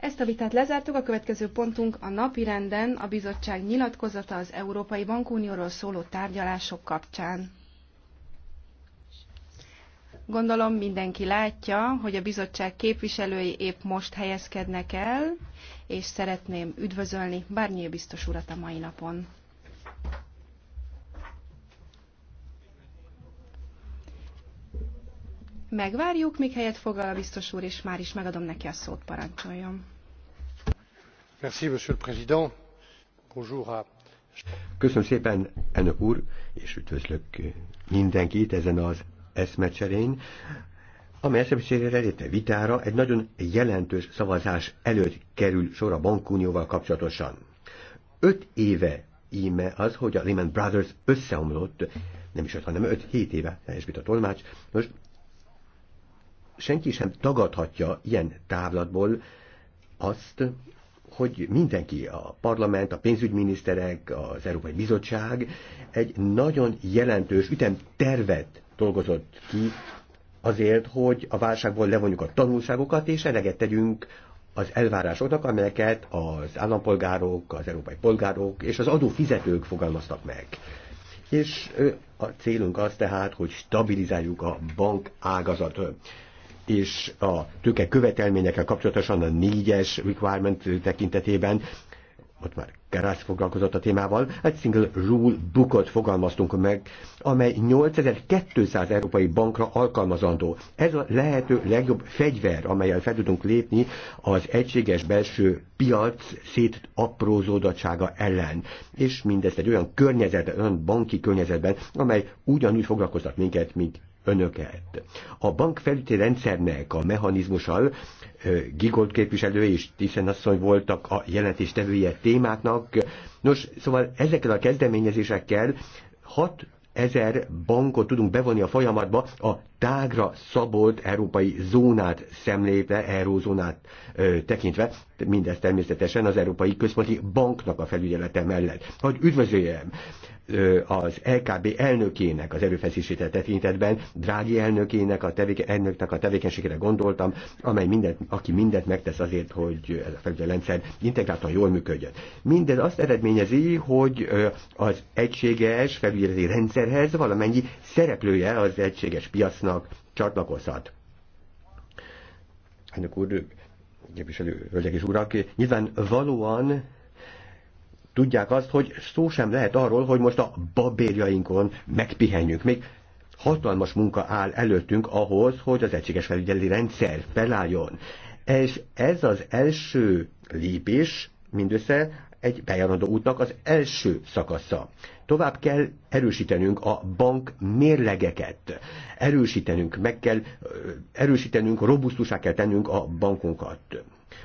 Ezt a vitát lezártuk, a következő pontunk a napirenden a bizottság nyilatkozata az Európai Bankunióról szóló tárgyalások kapcsán. Gondolom mindenki látja, hogy a bizottság képviselői épp most helyezkednek el, és szeretném üdvözölni Bárnyé biztos urat a mai napon. Megvárjuk, még helyet foglal a biztos úr, és már is megadom neki a szót, parancsoljon. Merci, monsieur le président. Bonjour à... Köszönöm szépen, elnök úr, és üdvözlök mindenkit ezen az eszmecserén, amely eszmecserére létre vitára egy nagyon jelentős szavazás előtt kerül sor a bankunióval kapcsolatosan. Öt éve íme az, hogy a Lehman Brothers összeomlott, nem is öt, hanem öt-hét éve, teljes a tolmács. Most senki sem tagadhatja ilyen távlatból azt, hogy mindenki, a parlament, a pénzügyminiszterek, az Európai Bizottság egy nagyon jelentős ütemtervet dolgozott ki azért, hogy a válságból levonjuk a tanulságokat, és eleget tegyünk az elvárásoknak, amelyeket az állampolgárok, az európai polgárok és az adófizetők fogalmaztak meg. És a célunk az tehát, hogy stabilizáljuk a bank ágazatot és a tőke követelményekkel kapcsolatosan a négyes requirement tekintetében ott már Karács foglalkozott a témával, egy single rule bookot fogalmaztunk meg, amely 8200 európai bankra alkalmazandó. Ez a lehető legjobb fegyver, amelyel fel tudunk lépni az egységes belső piac szétaprózódottsága ellen. És mindezt egy olyan környezetben, olyan banki környezetben, amely ugyanúgy foglalkoztat minket, mint önöket. A bankfelüti rendszernek a mechanizmussal Gigold képviselő és Tiszen asszony voltak a jelentéstevője témáknak. Nos, szóval ezekkel a kezdeményezésekkel hat ezer bankot tudunk bevonni a folyamatba a tágra szabolt európai zónát szemlélve, eurózónát ö, tekintve, mindez természetesen az Európai Központi Banknak a felügyelete mellett. Hogy üdvözöljem az LKB elnökének az erőfeszítését tekintetben, Drági elnökének, a tevéke, elnöknek a tevékenységére gondoltam, amely mindent, aki mindent megtesz azért, hogy ez a rendszer integráltan jól működjön. Mindez azt eredményezi, hogy az egységes felügyeleti rendszerhez valamennyi szereplője az egységes piacnak csatlakozhat. Elnök úr, képviselő, hölgyek és urak, nyilván valóan tudják azt, hogy szó sem lehet arról, hogy most a babérjainkon megpihenjünk. Még hatalmas munka áll előttünk ahhoz, hogy az egységes felügyeli rendszer felálljon. És ez az első lépés mindössze egy bejárandó útnak az első szakasza. Tovább kell erősítenünk a bank mérlegeket, erősítenünk, meg kell erősítenünk, robusztusá kell tennünk a bankunkat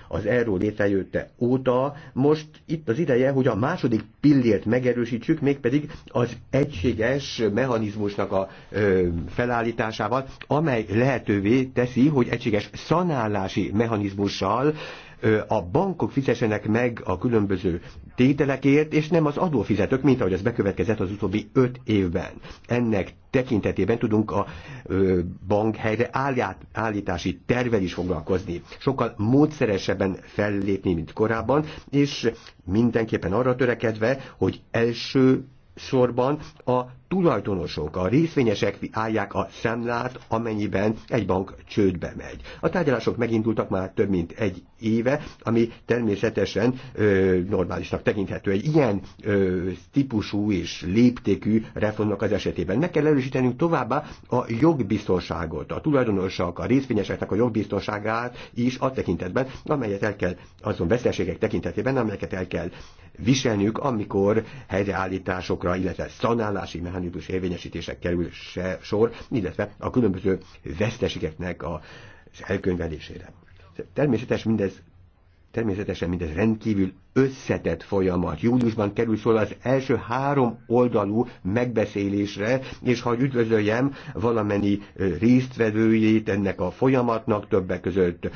az erről létrejötte óta, most itt az ideje, hogy a második pillért megerősítsük, mégpedig az egységes mechanizmusnak a ö, felállításával, amely lehetővé teszi, hogy egységes szanálási mechanizmussal a bankok fizessenek meg a különböző tételekért, és nem az adófizetők, mint ahogy ez bekövetkezett az utóbbi öt évben. Ennek tekintetében tudunk a bank helyre állítási tervel is foglalkozni. Sokkal módszeresebben fellépni, mint korábban, és mindenképpen arra törekedve, hogy első sorban a tulajdonosok, a részvényesek állják a szemlát, amennyiben egy bank csődbe megy. A tárgyalások megindultak már több mint egy éve, ami természetesen ö, normálisnak tekinthető. Egy ilyen ö, típusú és léptékű reformnak az esetében meg kell erősítenünk továbbá a jogbiztonságot, a tulajdonosok, a részvényeseknek a jogbiztonságát is a tekintetben, amelyet el kell, azon veszteségek tekintetében, amelyeket el kell viselniük, amikor helyreállításokra, illetve szanálási mechanizmusokra mechanizmus érvényesítések kerül se, sor, illetve a különböző veszteségeknek a elkönyvelésére. Természetes mindez, természetesen mindez rendkívül összetett folyamat. Júliusban kerül sor az első három oldalú megbeszélésre, és ha üdvözöljem valamennyi résztvevőjét ennek a folyamatnak, többek között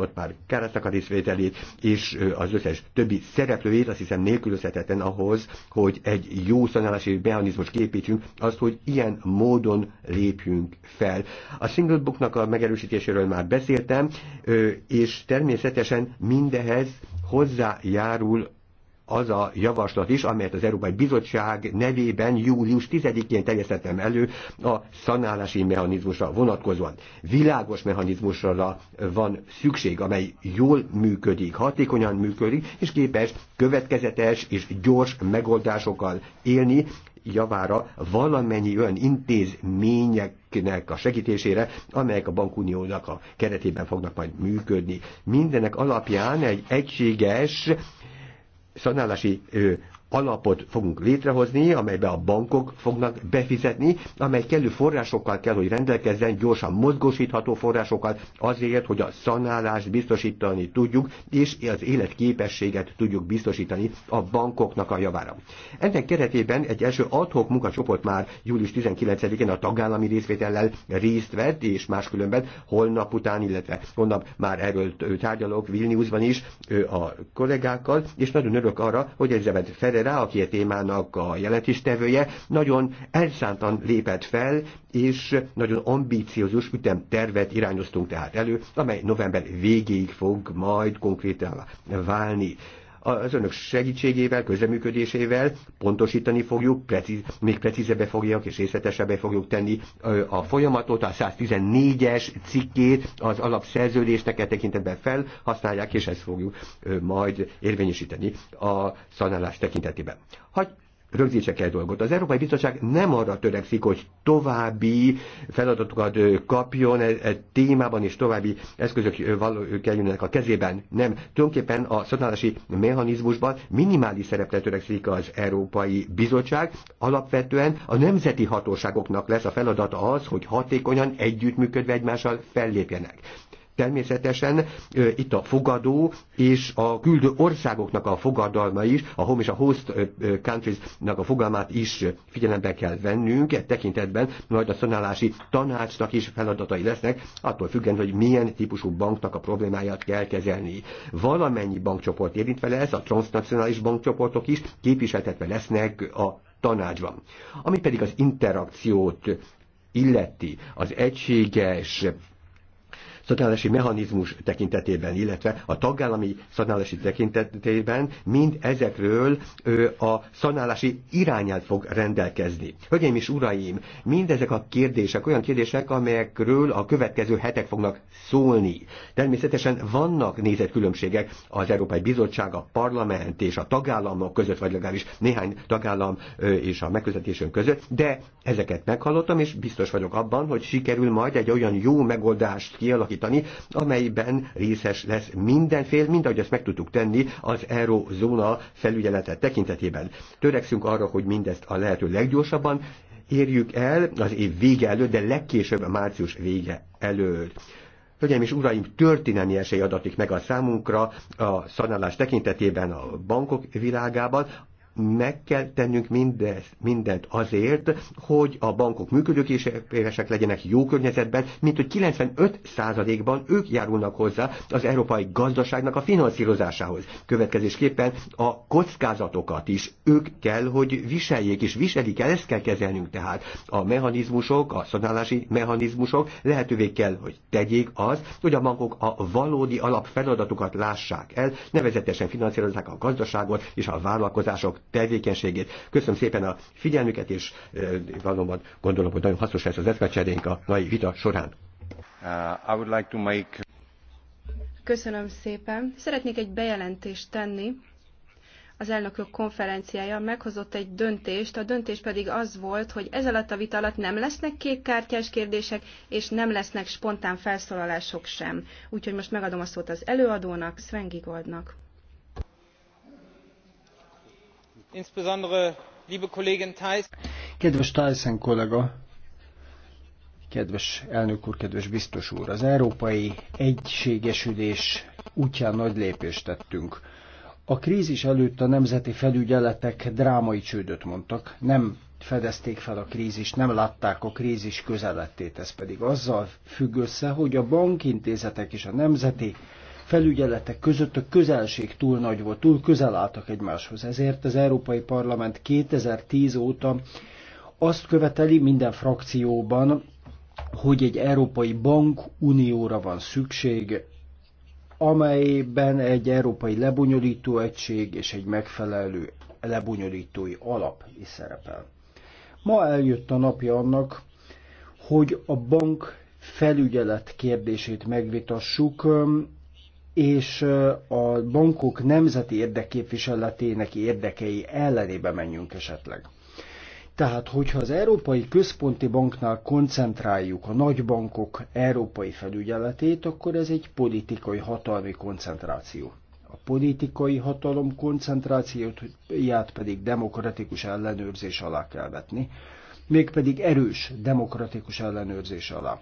ott már Kárásznak a részvételét, és az összes többi szereplőjét, azt hiszem nélkülözhetetlen ahhoz, hogy egy jó szanálási mechanizmus képítsünk, azt, hogy ilyen módon lépjünk fel. A single booknak a megerősítéséről már beszéltem, és természetesen mindehez hozzájárul az a javaslat is, amelyet az Európai Bizottság nevében július 10-én terjesztettem elő a szanálási mechanizmusra vonatkozóan. Világos mechanizmusra van szükség, amely jól működik, hatékonyan működik, és képes következetes és gyors megoldásokkal élni, javára valamennyi olyan intézményeknek a segítésére, amelyek a bankuniónak a keretében fognak majd működni. Mindenek alapján egy egységes szanálási alapot fogunk létrehozni, amelybe a bankok fognak befizetni, amely kellő forrásokkal kell, hogy rendelkezzen, gyorsan mozgósítható forrásokkal, azért, hogy a szanálást biztosítani tudjuk, és az életképességet tudjuk biztosítani a bankoknak a javára. Ennek keretében egy első adhok munkacsoport már július 19-én a tagállami részvétellel részt vett, és máskülönben holnap után, illetve holnap már erről tárgyalok Vilniusban is a kollégákkal, és nagyon örök arra, hogy Elizabeth Ferre rá, aki a témának a jelentéstevője, nagyon elszántan lépett fel, és nagyon ambíciózus ütemtervet irányoztunk tehát elő, amely november végéig fog majd konkrétan válni az önök segítségével, közreműködésével pontosítani fogjuk, precíz, még precízebbé fogjuk és részletesebbe fogjuk tenni a folyamatot, a 114-es cikkét az alapszerződésnek tekintetben felhasználják, és ezt fogjuk majd érvényesíteni a szanálás tekintetében. Hogy rögzítse kell dolgot. Az Európai Bizottság nem arra törekszik, hogy további feladatokat kapjon e, e témában, és további eszközök való, kerüljenek a kezében. Nem. Tulajdonképpen a szatállási mechanizmusban minimális szerepre törekszik az Európai Bizottság. Alapvetően a nemzeti hatóságoknak lesz a feladata az, hogy hatékonyan együttműködve egymással fellépjenek természetesen itt a fogadó és a küldő országoknak a fogadalma is, a home és a host countries-nak a fogalmát is figyelembe kell vennünk, e tekintetben majd a szanálási tanácsnak is feladatai lesznek, attól függően, hogy milyen típusú banknak a problémáját kell kezelni. Valamennyi bankcsoport érintve lesz, a transnacionális bankcsoportok is képviseltetve lesznek a tanácsban. Ami pedig az interakciót illeti, az egységes szanálási mechanizmus tekintetében, illetve a tagállami szanálási tekintetében mind ezekről a szanálási irányát fog rendelkezni. Hölgyeim és uraim, mindezek a kérdések olyan kérdések, amelyekről a következő hetek fognak szólni. Természetesen vannak nézetkülönbségek az Európai Bizottság, a parlament és a tagállamok között, vagy legalábbis néhány tagállam és a megközelítésünk között, de ezeket meghallottam, és biztos vagyok abban, hogy sikerül majd egy olyan jó megoldást kialakítani, kialakítani, amelyben részes lesz mindenfél, mind ahogy ezt meg tudtuk tenni az eurozóna felügyelete tekintetében. Törekszünk arra, hogy mindezt a lehető leggyorsabban érjük el az év vége előtt, de legkésőbb március vége előtt. Hölgyeim és uraim, történelmi esély adatik meg a számunkra a szanálás tekintetében a bankok világában, meg kell tennünk mindez, mindent azért, hogy a bankok működőképesek legyenek jó környezetben, mint hogy 95%-ban ők járulnak hozzá az európai gazdaságnak a finanszírozásához. Következésképpen a kockázatokat is ők kell, hogy viseljék, és viselik el, ezt kell kezelnünk tehát. A mechanizmusok, a szanálási mechanizmusok lehetővé kell, hogy tegyék az, hogy a bankok a valódi alapfeladatokat lássák el, nevezetesen finanszírozzák a gazdaságot és a vállalkozások tevékenységét. Köszönöm szépen a figyelmüket, és valóban gondolom, hogy nagyon hasznos lesz az eszmecserénk a mai vita során. Uh, I would like to make... Köszönöm szépen. Szeretnék egy bejelentést tenni. Az elnökök konferenciája meghozott egy döntést, a döntés pedig az volt, hogy ez alatt a vita alatt nem lesznek kékkártyás kérdések, és nem lesznek spontán felszólalások sem. Úgyhogy most megadom a szót az előadónak, Sven Gigoldnak. insbesondere liebe Kollegin Thyssen. Kedves Thyssen kollega, kedves elnök úr, kedves biztos úr, az európai egységesülés útján nagy lépést tettünk. A krízis előtt a nemzeti felügyeletek drámai csődöt mondtak, nem fedezték fel a krízist, nem látták a krízis közelettét. Ez pedig azzal függ össze, hogy a bankintézetek és a nemzeti felügyeletek között a közelség túl nagy volt, túl közel álltak egymáshoz. Ezért az Európai Parlament 2010 óta azt követeli minden frakcióban, hogy egy Európai Bank Unióra van szükség, amelyben egy európai lebonyolító egység és egy megfelelő lebonyolítói alap is szerepel. Ma eljött a napja annak, hogy a bank felügyelet kérdését megvitassuk, és a bankok nemzeti érdekképviseletének érdekei ellenébe menjünk esetleg. Tehát, hogyha az Európai Központi Banknál koncentráljuk a nagybankok európai felügyeletét, akkor ez egy politikai hatalmi koncentráció. A politikai hatalom koncentrációját pedig demokratikus ellenőrzés alá kell vetni, mégpedig erős demokratikus ellenőrzés alá.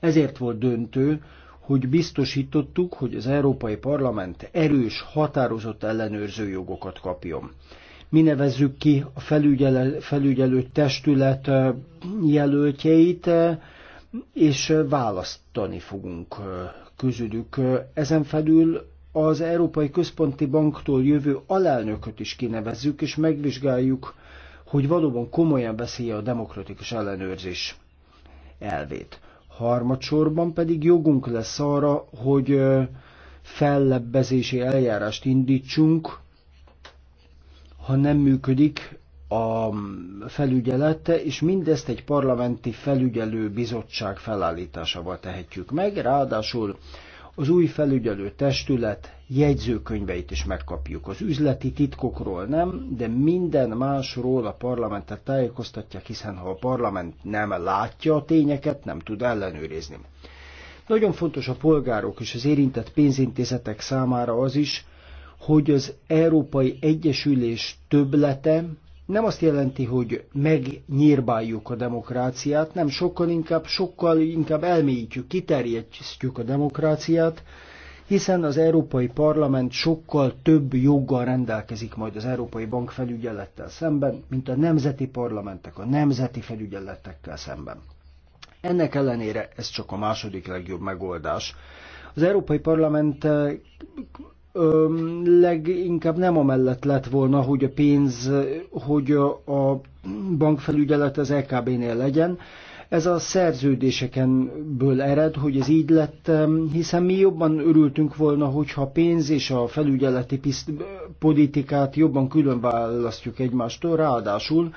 Ezért volt döntő, hogy biztosítottuk, hogy az Európai Parlament erős, határozott ellenőrző jogokat kapjon. Mi nevezzük ki a felügyelő, felügyelő testület jelöltjeit, és választani fogunk közülük. Ezen felül az Európai Központi Banktól jövő alelnököt is kinevezzük, és megvizsgáljuk, hogy valóban komolyan veszi a demokratikus ellenőrzés elvét. Harmadsorban pedig jogunk lesz arra, hogy fellebbezési eljárást indítsunk, ha nem működik a mm, felügyelete, és mindezt egy parlamenti felügyelő bizottság felállításával tehetjük meg. Ráadásul az új felügyelő testület jegyzőkönyveit is megkapjuk. Az üzleti titkokról nem, de minden másról a parlamentet tájékoztatják, hiszen ha a parlament nem látja a tényeket, nem tud ellenőrizni. Nagyon fontos a polgárok és az érintett pénzintézetek számára az is, hogy az Európai Egyesülés töblete nem azt jelenti, hogy megnyírbáljuk a demokráciát, nem sokkal inkább, sokkal inkább elmélyítjük, kiterjesztjük a demokráciát, hiszen az Európai Parlament sokkal több joggal rendelkezik majd az Európai Bank felügyelettel szemben, mint a nemzeti parlamentek, a nemzeti felügyelettekkel szemben. Ennek ellenére ez csak a második legjobb megoldás. Az Európai Parlament leginkább nem amellett lett volna, hogy a pénz, hogy a bankfelügyelet az EKB-nél legyen, ez a szerződésekenből ered, hogy ez így lett, hiszen mi jobban örültünk volna, hogyha a pénz és a felügyeleti politikát jobban külön választjuk egymástól, ráadásul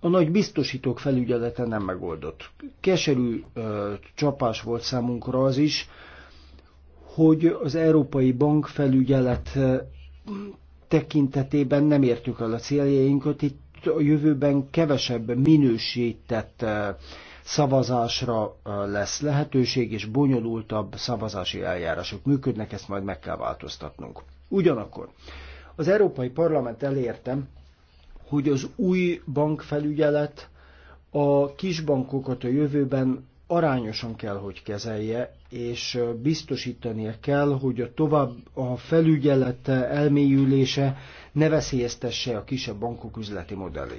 a nagy biztosítók felügyelete nem megoldott. Keserű ö, csapás volt számunkra az is, hogy az Európai Bank felügyelet tekintetében nem értük el a céljainkat, itt a jövőben kevesebb minősített ö, szavazásra lesz lehetőség, és bonyolultabb szavazási eljárások működnek, ezt majd meg kell változtatnunk. Ugyanakkor az Európai Parlament elértem, hogy az új bankfelügyelet a kisbankokat a jövőben arányosan kell, hogy kezelje, és biztosítania kell, hogy a tovább a felügyelet elmélyülése ne veszélyeztesse a kisebb bankok üzleti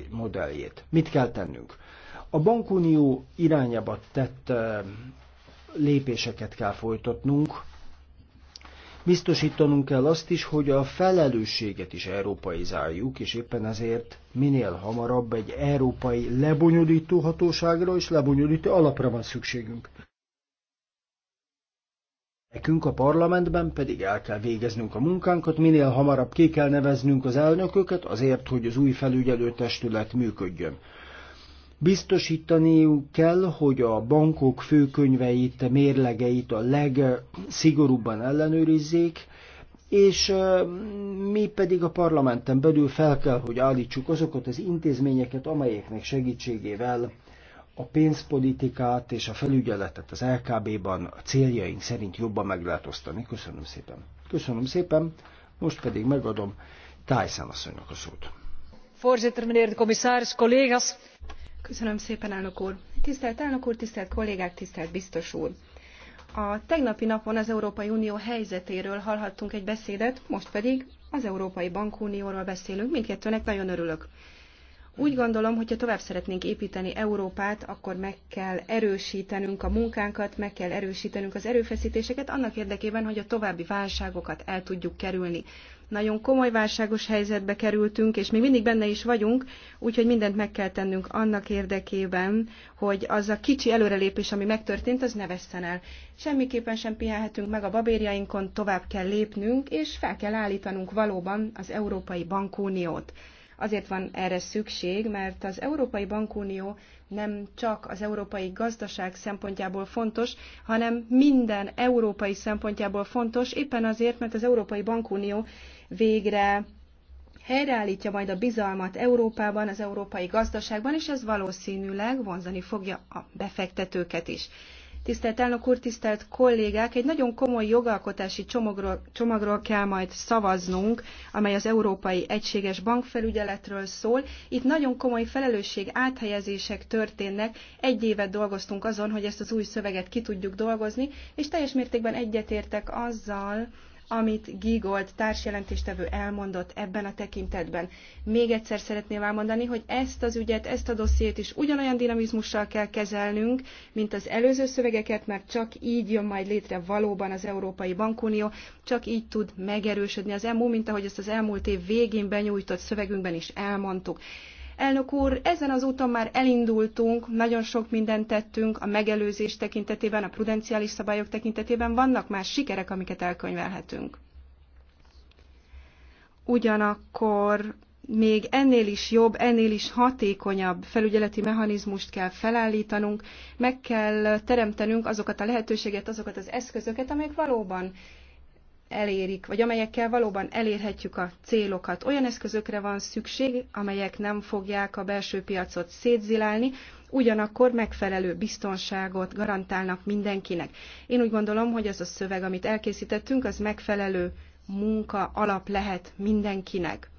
modelljét. Mit kell tennünk? A bankunió irányába tett lépéseket kell folytatnunk, Biztosítanunk kell azt is, hogy a felelősséget is európaizáljuk, és éppen ezért minél hamarabb egy európai lebonyolító hatóságra és lebonyolító alapra van szükségünk. Nekünk a parlamentben pedig el kell végeznünk a munkánkat, minél hamarabb ki kell neveznünk az elnököket azért, hogy az új felügyelőtestület működjön. Biztosítaniuk kell, hogy a bankok főkönyveit, mérlegeit a legszigorúbban ellenőrizzék, és mi pedig a parlamenten belül fel kell, hogy állítsuk azokat az intézményeket, amelyeknek segítségével a pénzpolitikát és a felügyeletet az LKB-ban a céljaink szerint jobban meg lehet osztani. Köszönöm szépen. Köszönöm szépen, most pedig megadom Tyson asszonynak a szót. Voorzitter, meneer de commissaris, collega's. Köszönöm szépen, elnök úr. Tisztelt elnök úr, tisztelt kollégák, tisztelt biztos úr. A tegnapi napon az Európai Unió helyzetéről hallhattunk egy beszédet, most pedig az Európai Bankunióról beszélünk. Mindkettőnek nagyon örülök. Úgy gondolom, hogyha tovább szeretnénk építeni Európát, akkor meg kell erősítenünk a munkánkat, meg kell erősítenünk az erőfeszítéseket annak érdekében, hogy a további válságokat el tudjuk kerülni. Nagyon komoly válságos helyzetbe kerültünk, és még mindig benne is vagyunk, úgyhogy mindent meg kell tennünk annak érdekében, hogy az a kicsi előrelépés, ami megtörtént, az ne vesszen el. Semmiképpen sem pihenhetünk meg a babérjainkon, tovább kell lépnünk, és fel kell állítanunk valóban az Európai Bankuniót. Azért van erre szükség, mert az Európai Bankunió nem csak az európai gazdaság szempontjából fontos, hanem minden európai szempontjából fontos, éppen azért, mert az Európai Bankunió végre helyreállítja majd a bizalmat Európában, az európai gazdaságban, és ez valószínűleg vonzani fogja a befektetőket is. Tisztelt elnök úr, tisztelt kollégák, egy nagyon komoly jogalkotási csomagról, csomagról kell majd szavaznunk, amely az Európai Egységes Bankfelügyeletről szól. Itt nagyon komoly felelősség áthelyezések történnek. Egy évet dolgoztunk azon, hogy ezt az új szöveget ki tudjuk dolgozni, és teljes mértékben egyetértek azzal, amit Gigold társjelentéstevő elmondott ebben a tekintetben. Még egyszer szeretném elmondani, hogy ezt az ügyet, ezt a dossziét is ugyanolyan dinamizmussal kell kezelnünk, mint az előző szövegeket, mert csak így jön majd létre valóban az Európai Bankunió, csak így tud megerősödni az EMU, mint ahogy ezt az elmúlt év végén benyújtott szövegünkben is elmondtuk. Elnök úr, ezen az úton már elindultunk, nagyon sok mindent tettünk a megelőzés tekintetében, a prudenciális szabályok tekintetében, vannak már sikerek, amiket elkönyvelhetünk. Ugyanakkor még ennél is jobb, ennél is hatékonyabb felügyeleti mechanizmust kell felállítanunk, meg kell teremtenünk azokat a lehetőséget, azokat az eszközöket, amelyek valóban elérik, vagy amelyekkel valóban elérhetjük a célokat. Olyan eszközökre van szükség, amelyek nem fogják a belső piacot szétzilálni, ugyanakkor megfelelő biztonságot garantálnak mindenkinek. Én úgy gondolom, hogy az a szöveg, amit elkészítettünk, az megfelelő munka alap lehet mindenkinek.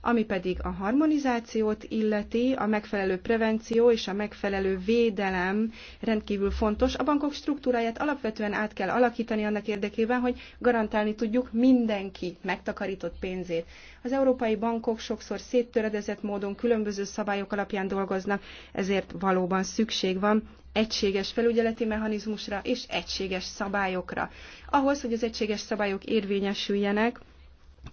Ami pedig a harmonizációt illeti, a megfelelő prevenció és a megfelelő védelem rendkívül fontos. A bankok struktúráját alapvetően át kell alakítani annak érdekében, hogy garantálni tudjuk mindenki megtakarított pénzét. Az európai bankok sokszor széttöredezett módon különböző szabályok alapján dolgoznak, ezért valóban szükség van egységes felügyeleti mechanizmusra és egységes szabályokra. Ahhoz, hogy az egységes szabályok érvényesüljenek,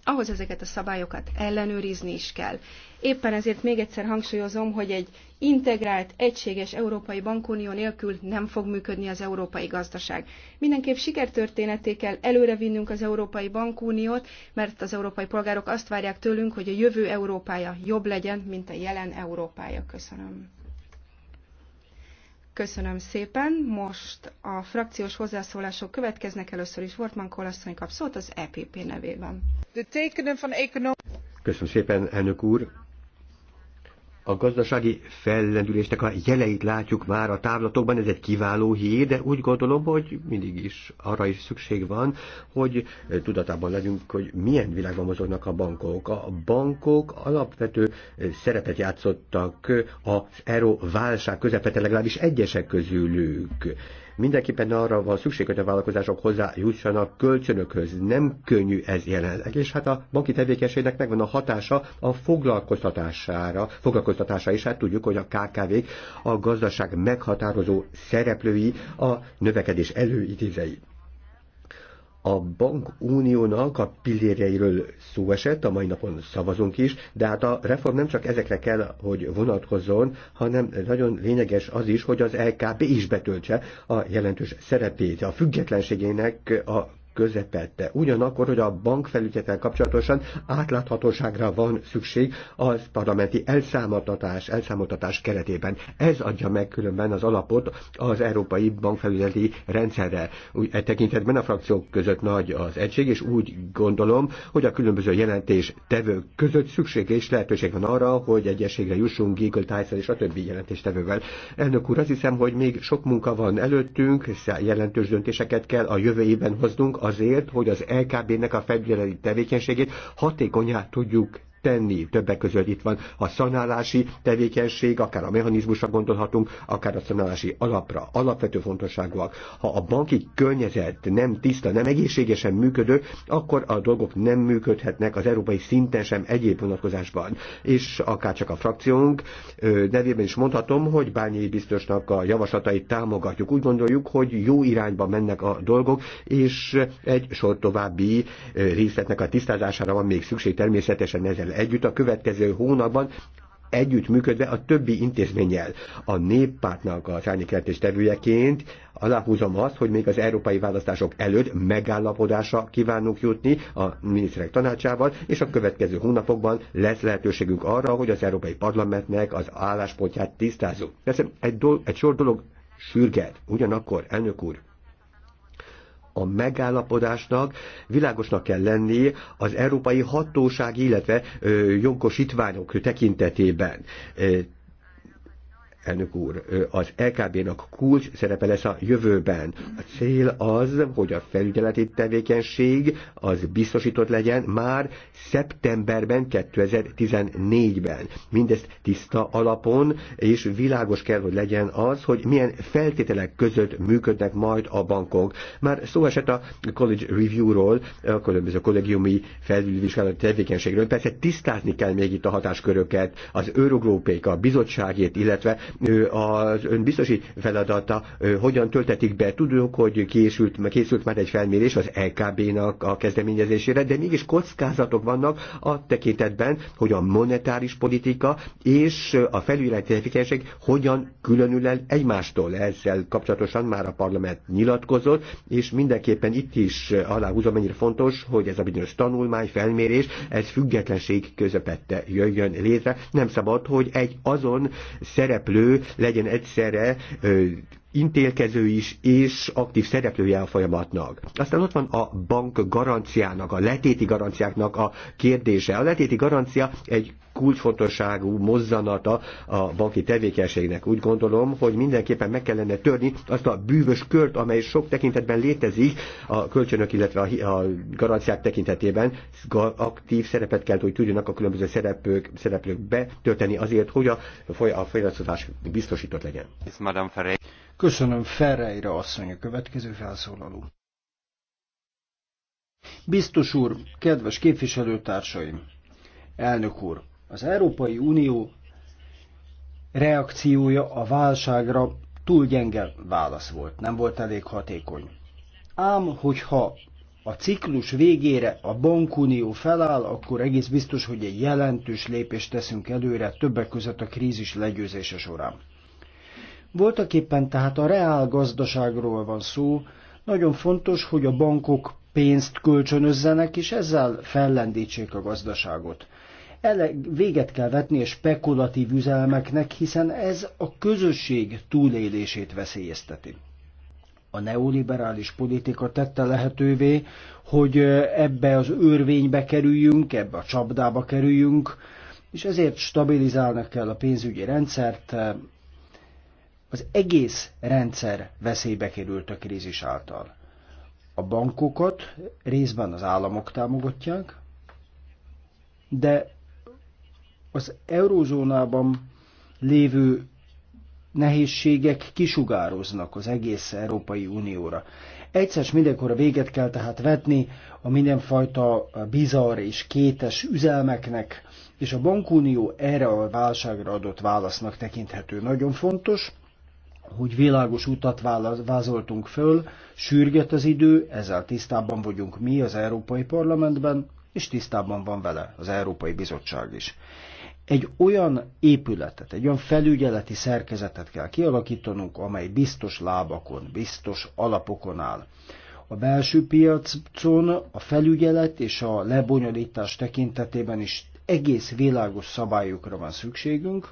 ahhoz ezeket a szabályokat ellenőrizni is kell. Éppen ezért még egyszer hangsúlyozom, hogy egy integrált, egységes Európai Bankunió nélkül nem fog működni az európai gazdaság. Mindenképp sikertörténeté kell előrevinnünk az Európai Bankuniót, mert az európai polgárok azt várják tőlünk, hogy a jövő Európája jobb legyen, mint a jelen Európája. Köszönöm. Köszönöm szépen. Most a frakciós hozzászólások következnek. Először is Wortmann Kolasszony kap szót az EPP nevében. Köszönöm szépen, elnök úr a gazdasági fellendülésnek a jeleit látjuk már a távlatokban, ez egy kiváló hír, de úgy gondolom, hogy mindig is arra is szükség van, hogy tudatában legyünk, hogy milyen világban mozognak a bankok. A bankok alapvető szerepet játszottak az euró válság közepete legalábbis egyesek közülük Mindenképpen arra van szükség, hogy a vállalkozások hozzájussanak kölcsönökhöz. Nem könnyű ez jelenleg. És hát a banki tevékenységnek megvan a hatása a foglalkoztatására, foglalkoztatása is. Hát tudjuk, hogy a kkv a gazdaság meghatározó szereplői, a növekedés előidézei a bankuniónak a pilléreiről szó esett, a mai napon szavazunk is, de hát a reform nem csak ezekre kell, hogy vonatkozzon, hanem nagyon lényeges az is, hogy az LKB is betöltse a jelentős szerepét, a függetlenségének a közepette. Ugyanakkor, hogy a bankfelügyetel kapcsolatosan átláthatóságra van szükség az parlamenti elszámoltatás, elszámoltatás keretében. Ez adja meg különben az alapot az európai bankfelügyeleti rendszerre. Úgy, e tekintetben a frakciók között nagy az egység, és úgy gondolom, hogy a különböző jelentés tevők között szükség és lehetőség van arra, hogy egyességre jussunk Giggle Tyson és a többi jelentéstevővel. Elnök úr, azt hiszem, hogy még sok munka van előttünk, jelentős döntéseket kell a jövő évben hoznunk, azért, hogy az LKB-nek a felügyeleti tevékenységét hatékonyá tudjuk tenni. Többek között itt van a szanálási tevékenység, akár a mechanizmusra gondolhatunk, akár a szanálási alapra. Alapvető fontosságúak. Ha a banki környezet nem tiszta, nem egészségesen működő, akkor a dolgok nem működhetnek az európai szinten sem egyéb vonatkozásban. És akár csak a frakciónk nevében is mondhatom, hogy Bányai biztosnak a javaslatait támogatjuk. Úgy gondoljuk, hogy jó irányba mennek a dolgok, és egy sor további részletnek a tisztázására van még szükség természetesen ezzel együtt a következő hónapban, együttműködve a többi intézménnyel. A néppártnak a sárnyékjelentés tevőjeként aláhúzom azt, hogy még az európai választások előtt megállapodásra kívánunk jutni a miniszterek tanácsával, és a következő hónapokban lesz lehetőségünk arra, hogy az Európai Parlamentnek az álláspontját tisztázzuk. Persze egy, dol- egy sor dolog sürget. Ugyanakkor, elnök úr, a megállapodásnak világosnak kell lenni az európai hatóság, illetve jogosítványok tekintetében elnök úr, az LKB-nak kulcs szerepe lesz a jövőben. A cél az, hogy a felügyeleti tevékenység az biztosított legyen már szeptemberben, 2014-ben. Mindezt tiszta alapon, és világos kell, hogy legyen az, hogy milyen feltételek között működnek majd a bankok. Már szó esett a College Review-ról, a különböző kollégiumi felügyeleti tevékenységről. Persze tisztázni kell még itt a hatásköröket, az Eurogrópék, a bizottságét, illetve az önbiztosi feladata hogyan töltetik be. Tudjuk, hogy készült, készült már egy felmérés az LKB-nak a kezdeményezésére, de mégis kockázatok vannak a tekintetben, hogy a monetáris politika és a felületefikenység hogyan különül el egymástól. Ezzel kapcsolatosan már a parlament nyilatkozott, és mindenképpen itt is aláhúzom, mennyire fontos, hogy ez a bizonyos tanulmány, felmérés, ez függetlenség közepette jöjjön létre. Nem szabad, hogy egy azon szereplő legyen egyszerre intélkező is és aktív szereplője a folyamatnak. Aztán ott van a bank garanciának, a letéti garanciáknak a kérdése. A letéti garancia egy kulcsfontosságú mozzanata a banki tevékenységnek. Úgy gondolom, hogy mindenképpen meg kellene törni azt a bűvös kört, amely sok tekintetben létezik a kölcsönök, illetve a, garanciák tekintetében. Aktív szerepet kell, hogy tudjanak a különböző szereplők, szereplők betölteni azért, hogy a, a biztosított legyen. Madame Ferreira. Köszönöm Ferreira asszony a következő felszólaló. Biztos úr, kedves képviselőtársaim, elnök úr, az Európai Unió reakciója a válságra túl gyenge válasz volt, nem volt elég hatékony. Ám, hogyha a ciklus végére a bankunió feláll, akkor egész biztos, hogy egy jelentős lépést teszünk előre többek között a krízis legyőzése során. Voltak éppen tehát a reál gazdaságról van szó, nagyon fontos, hogy a bankok pénzt kölcsönözzenek, és ezzel fellendítsék a gazdaságot. Ele véget kell vetni a spekulatív üzelmeknek, hiszen ez a közösség túlélését veszélyezteti. A neoliberális politika tette lehetővé, hogy ebbe az őrvénybe kerüljünk, ebbe a csapdába kerüljünk, és ezért stabilizálnak kell a pénzügyi rendszert, az egész rendszer veszélybe került a krízis által. A bankokat részben az államok támogatják, de az eurózónában lévő nehézségek kisugároznak az egész Európai Unióra. Egyszer s mindenkor a véget kell tehát vetni a mindenfajta bizarr és kétes üzelmeknek, és a bankunió erre a válságra adott válasznak tekinthető. Nagyon fontos, hogy világos utat vázoltunk föl, sürget az idő, ezzel tisztában vagyunk mi az Európai Parlamentben, és tisztában van vele az Európai Bizottság is. Egy olyan épületet, egy olyan felügyeleti szerkezetet kell kialakítanunk, amely biztos lábakon, biztos alapokon áll. A belső piacon a felügyelet és a lebonyolítás tekintetében is egész világos szabályokra van szükségünk,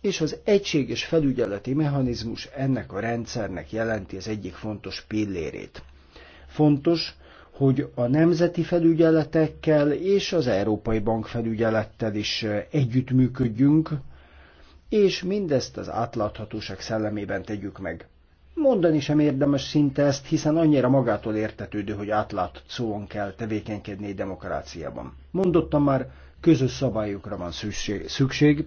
és az egységes felügyeleti mechanizmus ennek a rendszernek jelenti az egyik fontos pillérét. Fontos, hogy a nemzeti felügyeletekkel és az Európai felügyelettel is eh, együttműködjünk, és mindezt az átláthatóság szellemében tegyük meg. Mondani sem érdemes szinte ezt, hiszen annyira magától értetődő, hogy szóon kell tevékenykedni egy demokráciában. Mondottam már, közös szabályokra van szükség, szükség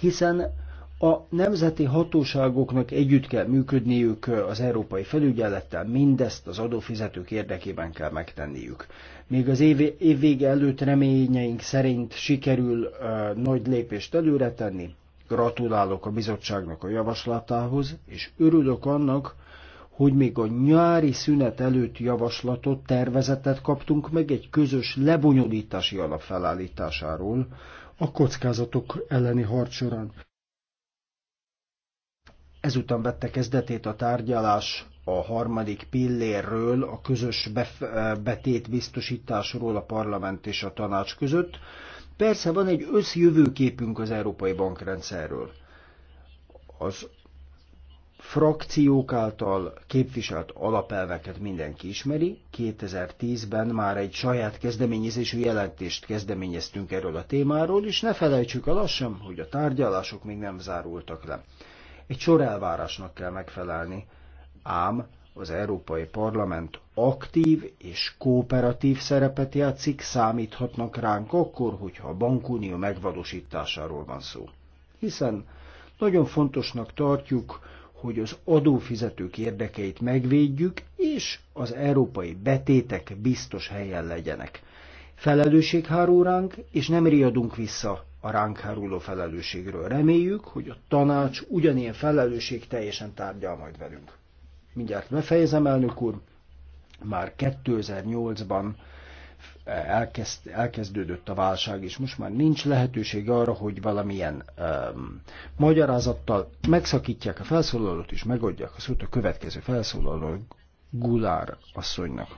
hiszen a nemzeti hatóságoknak együtt kell működniük az európai felügyelettel, mindezt az adófizetők érdekében kell megtenniük. Még az év, évvége előtt reményeink szerint sikerül uh, nagy lépést előre tenni. Gratulálok a bizottságnak a javaslatához, és örülök annak, hogy még a nyári szünet előtt javaslatot, tervezetet kaptunk meg egy közös lebonyolítási alap felállításáról, a kockázatok elleni harc során. Ezután vette kezdetét a tárgyalás a harmadik pillérről, a közös betét biztosításról a parlament és a tanács között. Persze van egy összjövőképünk az európai bankrendszerről. Az frakciók által képviselt alapelveket mindenki ismeri. 2010-ben már egy saját kezdeményezésű jelentést kezdeményeztünk erről a témáról, és ne felejtsük el azt sem, hogy a tárgyalások még nem zárultak le. Egy sor elvárásnak kell megfelelni, ám az Európai Parlament aktív és kooperatív szerepet játszik, számíthatnak ránk akkor, hogyha a bankunió megvalósításáról van szó. Hiszen nagyon fontosnak tartjuk, hogy az adófizetők érdekeit megvédjük, és az európai betétek biztos helyen legyenek. Felelősség hárul ránk, és nem riadunk vissza a ránk háruló felelősségről. Reméljük, hogy a tanács ugyanilyen felelősség teljesen tárgyal majd velünk. Mindjárt befejezem, elnök úr. Már 2008-ban elkezd, elkezdődött a válság, és most már nincs lehetőség arra, hogy valamilyen um, magyarázattal megszakítják a felszólalót, és megadják a szót a következő felszólaló Gulár asszonynak.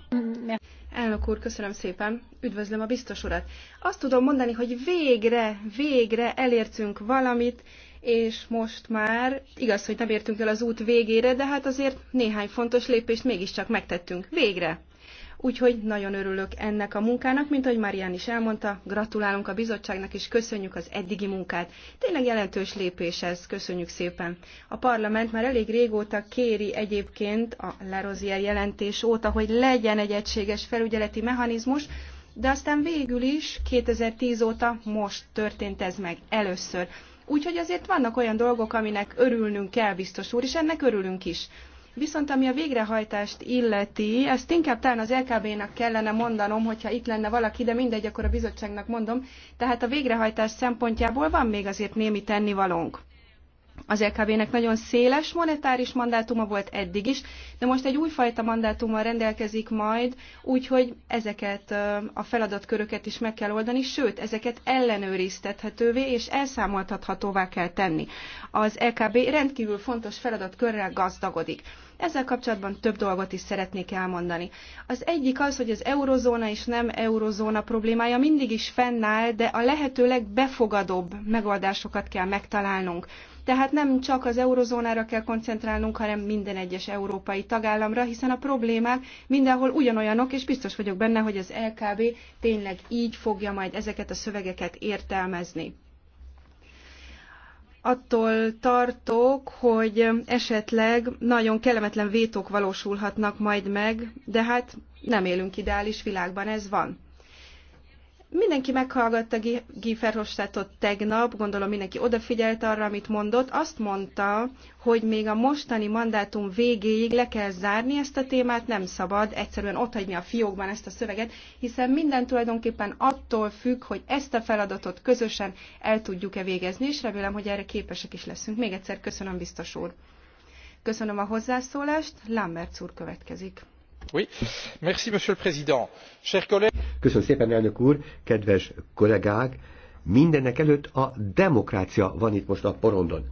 Elnök úr, köszönöm szépen. Üdvözlöm a biztos urat. Azt tudom mondani, hogy végre, végre elértünk valamit, és most már igaz, hogy nem értünk el az út végére, de hát azért néhány fontos lépést mégiscsak megtettünk. Végre! Úgyhogy nagyon örülök ennek a munkának, mint ahogy Marian is elmondta, gratulálunk a bizottságnak, és köszönjük az eddigi munkát. Tényleg jelentős lépés ez, köszönjük szépen. A parlament már elég régóta kéri egyébként a Lerozier jelentés óta, hogy legyen egy egységes felügyeleti mechanizmus, de aztán végül is 2010 óta most történt ez meg először. Úgyhogy azért vannak olyan dolgok, aminek örülnünk kell, biztos úr, és ennek örülünk is. Viszont ami a végrehajtást illeti, ezt inkább talán az LKB-nak kellene mondanom, hogyha itt lenne valaki, de mindegy, akkor a bizottságnak mondom. Tehát a végrehajtás szempontjából van még azért némi tennivalónk. Az LKB-nek nagyon széles monetáris mandátuma volt eddig is, de most egy újfajta mandátummal rendelkezik majd, úgyhogy ezeket a feladatköröket is meg kell oldani, sőt, ezeket ellenőriztethetővé és elszámoltathatóvá kell tenni. Az LKB rendkívül fontos feladatkörrel gazdagodik. Ezzel kapcsolatban több dolgot is szeretnék elmondani. Az egyik az, hogy az eurozóna és nem eurozóna problémája mindig is fennáll, de a lehető legbefogadóbb megoldásokat kell megtalálnunk tehát nem csak az eurozónára kell koncentrálnunk, hanem minden egyes európai tagállamra, hiszen a problémák mindenhol ugyanolyanok, és biztos vagyok benne, hogy az LKB tényleg így fogja majd ezeket a szövegeket értelmezni attól tartok, hogy esetleg nagyon kellemetlen vétók valósulhatnak majd meg, de hát nem élünk ideális világban, ez van. Mindenki meghallgatta Guy tegnap, gondolom mindenki odafigyelt arra, amit mondott. Azt mondta, hogy még a mostani mandátum végéig le kell zárni ezt a témát, nem szabad egyszerűen otthagyni a fiókban ezt a szöveget, hiszen minden tulajdonképpen attól függ, hogy ezt a feladatot közösen el tudjuk-e végezni, és remélem, hogy erre képesek is leszünk. Még egyszer köszönöm, biztos úr. Köszönöm a hozzászólást, Lambert úr következik. Köszönöm szépen, elnök úr, kedves kollégák! mindenekelőtt a demokrácia van itt most a porondon.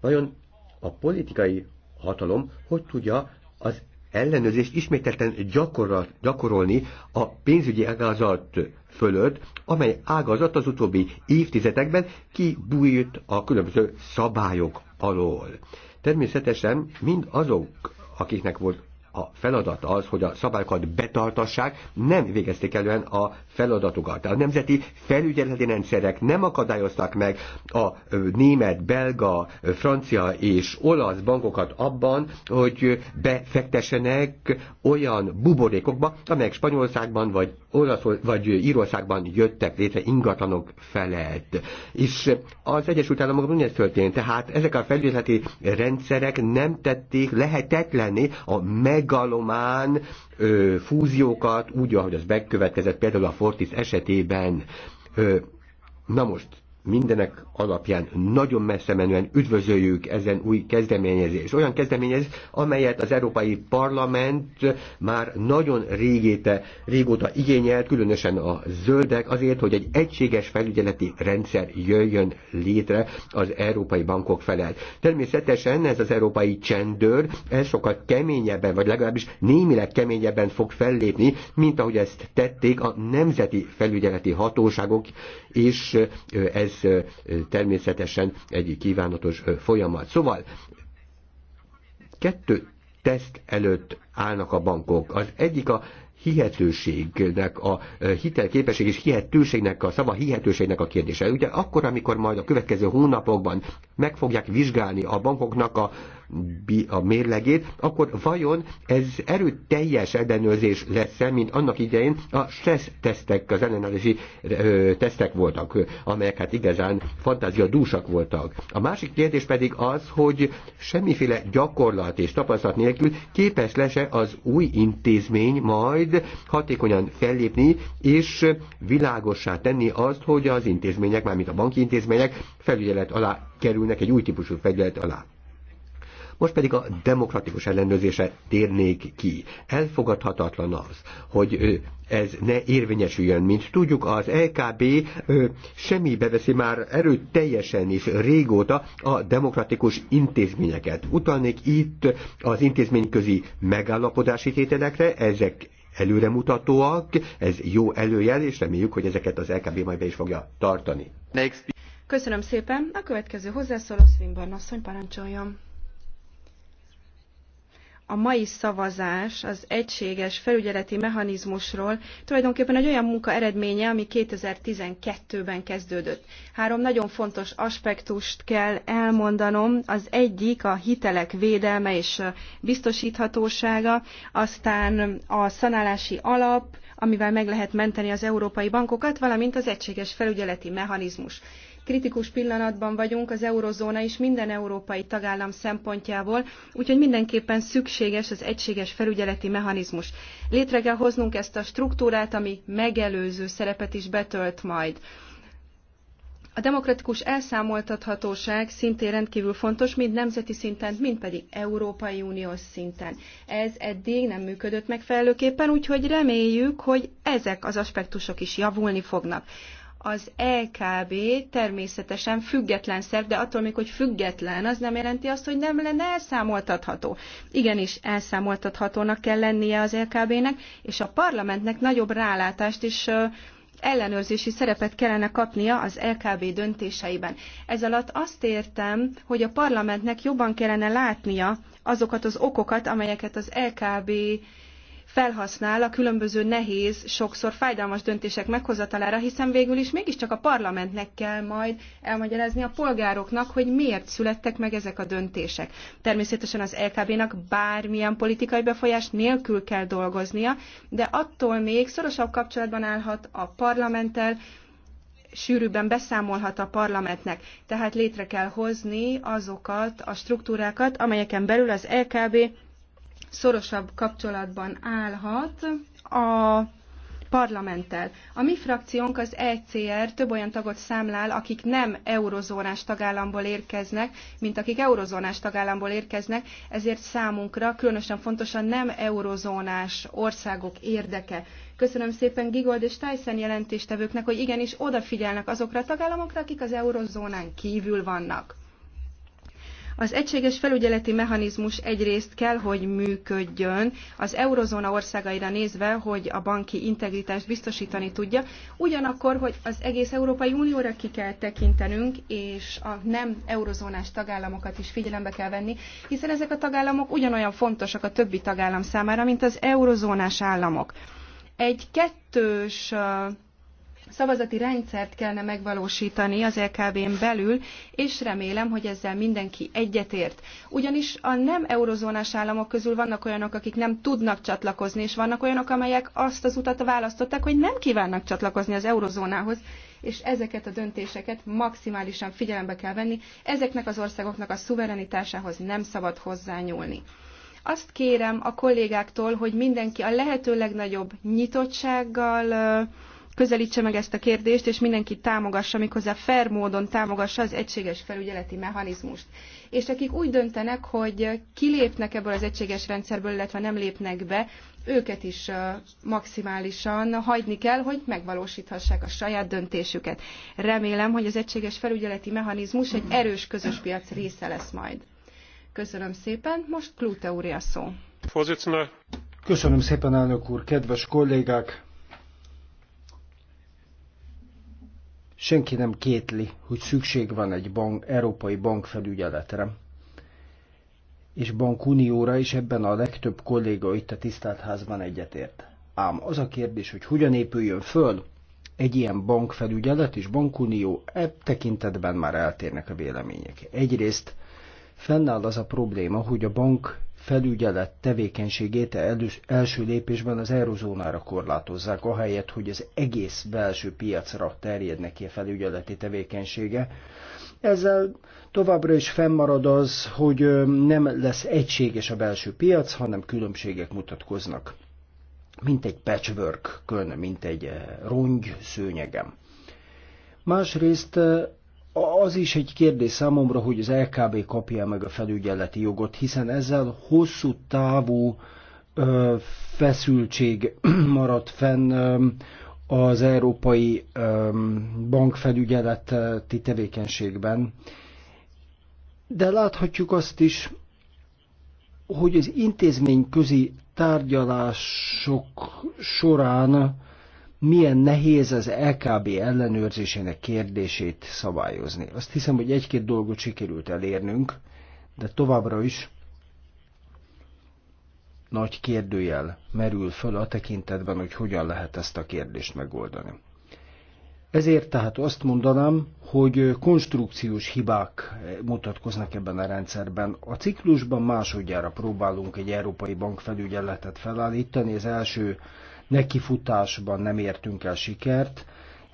Vajon a politikai hatalom hogy tudja az ellenőrzést ismételten gyakorolni a pénzügyi ágazat fölött, amely ágazat az utóbbi évtizedekben kibújt a különböző szabályok alól. Természetesen mind azok, akiknek volt a feladat az, hogy a szabályokat betartassák, nem végezték elően a feladatukat. A nemzeti felügyeleti rendszerek nem akadályozták meg a német, belga, francia és olasz bankokat abban, hogy befektessenek olyan buborékokba, amelyek Spanyolországban vagy olasz, vagy Írországban jöttek létre ingatlanok felett. És az Egyesült Államokban mindez történt, tehát ezek a felügyeleti rendszerek nem tették lehetetlenné a meg megalomán ö, fúziókat, úgy, ahogy az bekövetkezett például a Fortis esetében. Ö, na most, mindenek alapján nagyon messze menően üdvözöljük ezen új kezdeményezés. Olyan kezdeményezés, amelyet az Európai Parlament már nagyon régéte, régóta igényelt, különösen a zöldek, azért, hogy egy egységes felügyeleti rendszer jöjjön létre az európai bankok felett. Természetesen ez az európai csendőr, ez sokkal keményebben, vagy legalábbis némileg keményebben fog fellépni, mint ahogy ezt tették a nemzeti felügyeleti hatóságok, és ez egész természetesen egy kívánatos folyamat. Szóval kettő teszt előtt állnak a bankok. Az egyik a hihetőségnek, a hitelképesség és hihetőségnek, a szava hihetőségnek a kérdése. Ugye akkor, amikor majd a következő hónapokban meg fogják vizsgálni a bankoknak a a mérlegét, akkor vajon ez erőteljes ellenőrzés lesz-e, mint annak idején a stressz tesztek, az ellenőrzési tesztek voltak, amelyek hát igazán fantázia dúsak voltak. A másik kérdés pedig az, hogy semmiféle gyakorlat és tapasztalat nélkül képes lesz-e az új intézmény majd hatékonyan fellépni, és világossá tenni azt, hogy az intézmények, mármint a banki intézmények felügyelet alá kerülnek, egy új típusú felügyelet alá. Most pedig a demokratikus ellenőrzése térnék ki. Elfogadhatatlan az, hogy ez ne érvényesüljön. Mint tudjuk, az LKB semmi beveszi már erőt teljesen is régóta a demokratikus intézményeket. Utalnék itt az intézményközi megállapodási tételekre, ezek előremutatóak, ez jó előjel, és reméljük, hogy ezeket az LKB majd be is fogja tartani. Next. Köszönöm szépen. A következő hozzászóló Swinburne asszony parancsoljon a mai szavazás az egységes felügyeleti mechanizmusról tulajdonképpen egy olyan munka eredménye, ami 2012-ben kezdődött. Három nagyon fontos aspektust kell elmondanom. Az egyik a hitelek védelme és biztosíthatósága, aztán a szanálási alap, amivel meg lehet menteni az európai bankokat, valamint az egységes felügyeleti mechanizmus kritikus pillanatban vagyunk az eurozóna és minden európai tagállam szempontjából, úgyhogy mindenképpen szükséges az egységes felügyeleti mechanizmus. Létre kell hoznunk ezt a struktúrát, ami megelőző szerepet is betölt majd. A demokratikus elszámoltathatóság szintén rendkívül fontos, mind nemzeti szinten, mind pedig Európai Uniós szinten. Ez eddig nem működött megfelelőképpen, úgyhogy reméljük, hogy ezek az aspektusok is javulni fognak az LKB e természetesen független szerv, de attól még, hogy független, az nem jelenti azt, hogy nem lenne elszámoltatható. Igenis, elszámoltathatónak kell lennie az LKB-nek, e és a parlamentnek nagyobb rálátást is ellenőrzési szerepet kellene kapnia az LKB e döntéseiben. Ez alatt azt értem, hogy a parlamentnek jobban kellene látnia azokat az okokat, amelyeket az LKB felhasznál a különböző nehéz, sokszor fájdalmas döntések meghozatalára, hiszen végül is mégiscsak a parlamentnek kell majd elmagyarázni a polgároknak, hogy miért születtek meg ezek a döntések. Természetesen az LKB-nak bármilyen politikai befolyás nélkül kell dolgoznia, de attól még szorosabb kapcsolatban állhat a parlamenttel, sűrűbben beszámolhat a parlamentnek. Tehát létre kell hozni azokat a struktúrákat, amelyeken belül az LKB szorosabb kapcsolatban állhat a parlamenttel. A mi frakciónk, az ECR több olyan tagot számlál, akik nem eurozónás tagállamból érkeznek, mint akik eurozónás tagállamból érkeznek, ezért számunkra különösen fontos a nem eurozónás országok érdeke. Köszönöm szépen Gigold és Tyson jelentéstevőknek, hogy igenis odafigyelnek azokra a tagállamokra, akik az eurozónán kívül vannak. Az egységes felügyeleti mechanizmus egyrészt kell, hogy működjön, az eurozóna országaira nézve, hogy a banki integritást biztosítani tudja, ugyanakkor, hogy az egész Európai Unióra ki kell tekintenünk, és a nem eurozónás tagállamokat is figyelembe kell venni, hiszen ezek a tagállamok ugyanolyan fontosak a többi tagállam számára, mint az eurozónás államok. Egy kettős szavazati rendszert kellene megvalósítani az LKB-n belül, és remélem, hogy ezzel mindenki egyetért. Ugyanis a nem eurozónás államok közül vannak olyanok, akik nem tudnak csatlakozni, és vannak olyanok, amelyek azt az utat választották, hogy nem kívánnak csatlakozni az eurozónához, és ezeket a döntéseket maximálisan figyelembe kell venni, ezeknek az országoknak a szuverenitásához nem szabad hozzányúlni. Azt kérem a kollégáktól, hogy mindenki a lehető legnagyobb nyitottsággal közelítse meg ezt a kérdést, és mindenki támogassa, méghozzá fair módon támogassa az egységes felügyeleti mechanizmust. És akik úgy döntenek, hogy kilépnek ebből az egységes rendszerből, illetve nem lépnek be, őket is maximálisan hagyni kell, hogy megvalósíthassák a saját döntésüket. Remélem, hogy az egységes felügyeleti mechanizmus egy erős közös piac része lesz majd. Köszönöm szépen, most Klute úr a szó. Köszönöm szépen, elnök úr, kedves kollégák! senki nem kétli, hogy szükség van egy bank, európai bankfelügyeletre és bankunióra is ebben a legtöbb kolléga itt a tisztelt házban egyetért. Ám az a kérdés, hogy hogyan épüljön föl egy ilyen bankfelügyelet és bankunió, ebb tekintetben már eltérnek a vélemények. Egyrészt fennáll az a probléma, hogy a bank felügyelet tevékenységét első lépésben az eurozónára korlátozzák, ahelyett, hogy az egész belső piacra terjedne ki a felügyeleti tevékenysége. Ezzel továbbra is fennmarad az, hogy nem lesz egységes a belső piac, hanem különbségek mutatkoznak. Mint egy patchwork kön, mint egy rongy szőnyegem. Másrészt az is egy kérdés számomra, hogy az LKB kapja meg a felügyeleti jogot, hiszen ezzel hosszú távú ö, feszültség maradt fenn ö, az európai ö, bankfelügyeleti tevékenységben. De láthatjuk azt is, hogy az intézményközi tárgyalások során milyen nehéz az LKB ellenőrzésének kérdését szabályozni. Azt hiszem, hogy egy-két dolgot sikerült elérnünk, de továbbra is nagy kérdőjel merül föl a tekintetben, hogy hogyan lehet ezt a kérdést megoldani. Ezért tehát azt mondanám, hogy konstrukciós hibák mutatkoznak ebben a rendszerben. A ciklusban másodjára próbálunk egy európai bankfelügyeletet felállítani. Az első nekifutásban nem értünk el sikert,